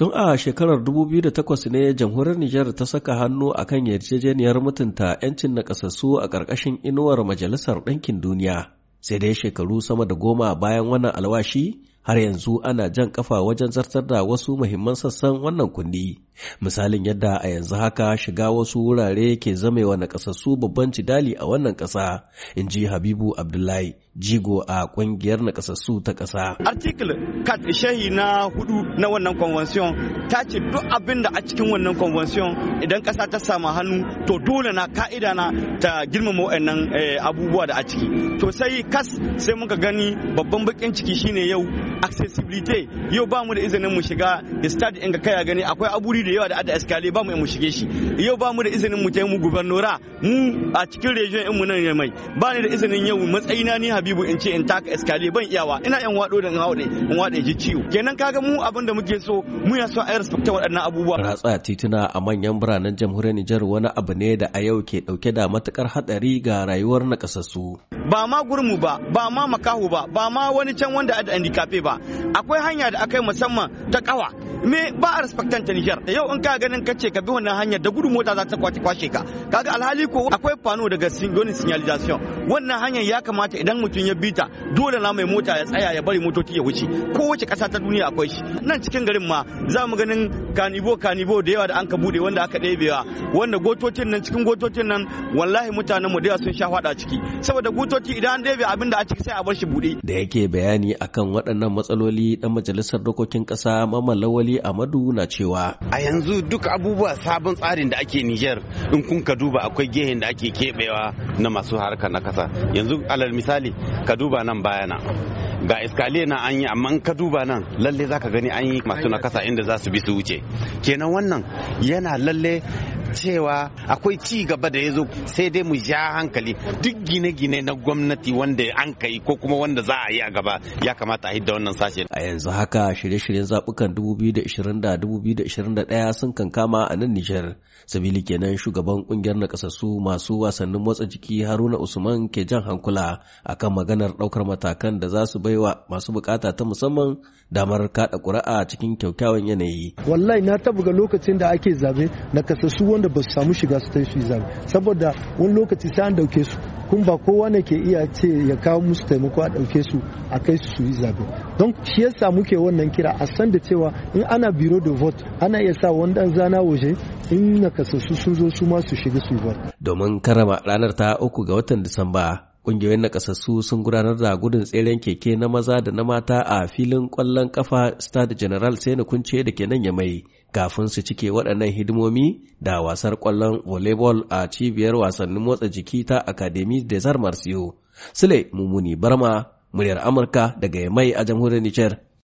Tun a shekarar 2008 ne jamhuriyar Nijar ta saka hannu a kan yarjejeniyar mutunta 'yancin nakasassu a ƙarƙashin inuwar Majalisar Ɗinkin Duniya. Sai dai shekaru sama da goma bayan wannan alwashi, har yanzu ana jan kafa wajen zartar da wasu muhimman sassan wannan kundi misalin yadda a yanzu haka shiga wasu wurare ke zamewa na kasassu babban cidali a wannan kasa in ji habibu abdullahi jigo a kungiyar na kasassu ta kasa article kat shehi na hudu na wannan convention ta ce duk abin da a cikin wannan convention idan kasa ta samu hannu to dole na ka'ida na ta girmama waɗannan eh, abubuwa da a ciki to sai kas sai muka gani babban bakin ciki shine yau accessibility yau ba mu da izinin mu shiga stade in ga kaya gani akwai aburi da yawa da ada escalier ba mu mu shige shi yau ba mu da izinin mu ta mu gubernora mu a cikin region in mu nan ne mai ba ni da izinin yau matsayina ni Habibu in ce in taka escalier ban iyawa ina yan wado da in wade in wade ji ciwo kenan kaga mu abin da muke so mu ya so a respect waɗannan abubuwa ratsa tituna a manyan biranen jamhuriyar Nijar wani abu ne da a yau ke dauke da matukar hadari ga rayuwar na nakasassu ba ma gurmu ba ba ma makahu ba ba ma wani can wanda ada handicap ba ba akwai hanya da akai musamman ta kawa me ba a respectan ta Niger yau in ka ganin kace ka bi wannan hanya da gudu mota za ta kwace ka kaga alhali ko akwai fano daga singonin signalization wannan hanyar ya kamata idan mutum ya bita dole na mai mota ya tsaya ya bari motoci ya wuce kowace kasa ta duniya akwai shi nan cikin garin ma za mu ganin kanibo kanibo da yawa da an ka bude wanda aka ɗebewa wanda gotocin nan cikin gotocin nan wallahi mutanen mu da sun sha fada ciki saboda gotoci idan an ɗebe abin da a ciki sai a bar shi buɗe da yake bayani akan waɗannan matsaloli dan majalisar dokokin ƙasa Mamman Lawali Amadu na cewa a yanzu duk abubuwa sabon tsarin da ake Niger in kun ka duba akwai gehen da ake keɓewa na masu harka na kasa yanzu alal misali ka duba nan bayana ga iskaliya na an yi amma in ka duba nan lalle za ka gani an yi masu na kasa inda za su bi su wuce kenan wannan yana lalle cewa akwai ci gaba da ya zo sai dai mu ja hankali duk gine-gine na gwamnati wanda an kai ko kuma wanda za a yi a gaba ya kamata a hidda wannan sashen A yanzu haka shirye-shiryen zaɓukan 2020 da 2021 sun kankama a nan Nijar. Sabili kenan shugaban kungiyar na masu wasannin motsa jiki Haruna Usman ke jan hankula akan maganar ɗaukar matakan da za su baiwa masu bukata ta musamman damar kaɗa ƙuri'a cikin kyaukyawan yanayi. Wallahi na taɓa ga lokacin da ake zabe na kasassu wanda ba su samu shiga su ta zabe saboda wani lokaci sai an dauke su kun ba kowa ne ke iya ce ya kawo musu taimako a dauke su a kai su su yi zabe don shi yasa muke wannan kira a san da cewa in ana biro da vote ana iya sa wani dan zana waje in na nakasassu sun zo su ma su shiga su yi vote domin karama ranar ta uku ga watan disamba Ƙungiyoyin nakasassu sun gudanar da gudun tseren keke na maza da na mata a filin ƙwallon ƙafa Stade General na Kunce da ke nan ya mai, kafin su cike waɗannan hidimomi da wasar ƙwallon volleyball a cibiyar wasannin motsa jiki ta Academy des Arts Martiaux. Sule Mumuni Barma, muryar Amurka daga Yamai a jamhuriyar Nijar.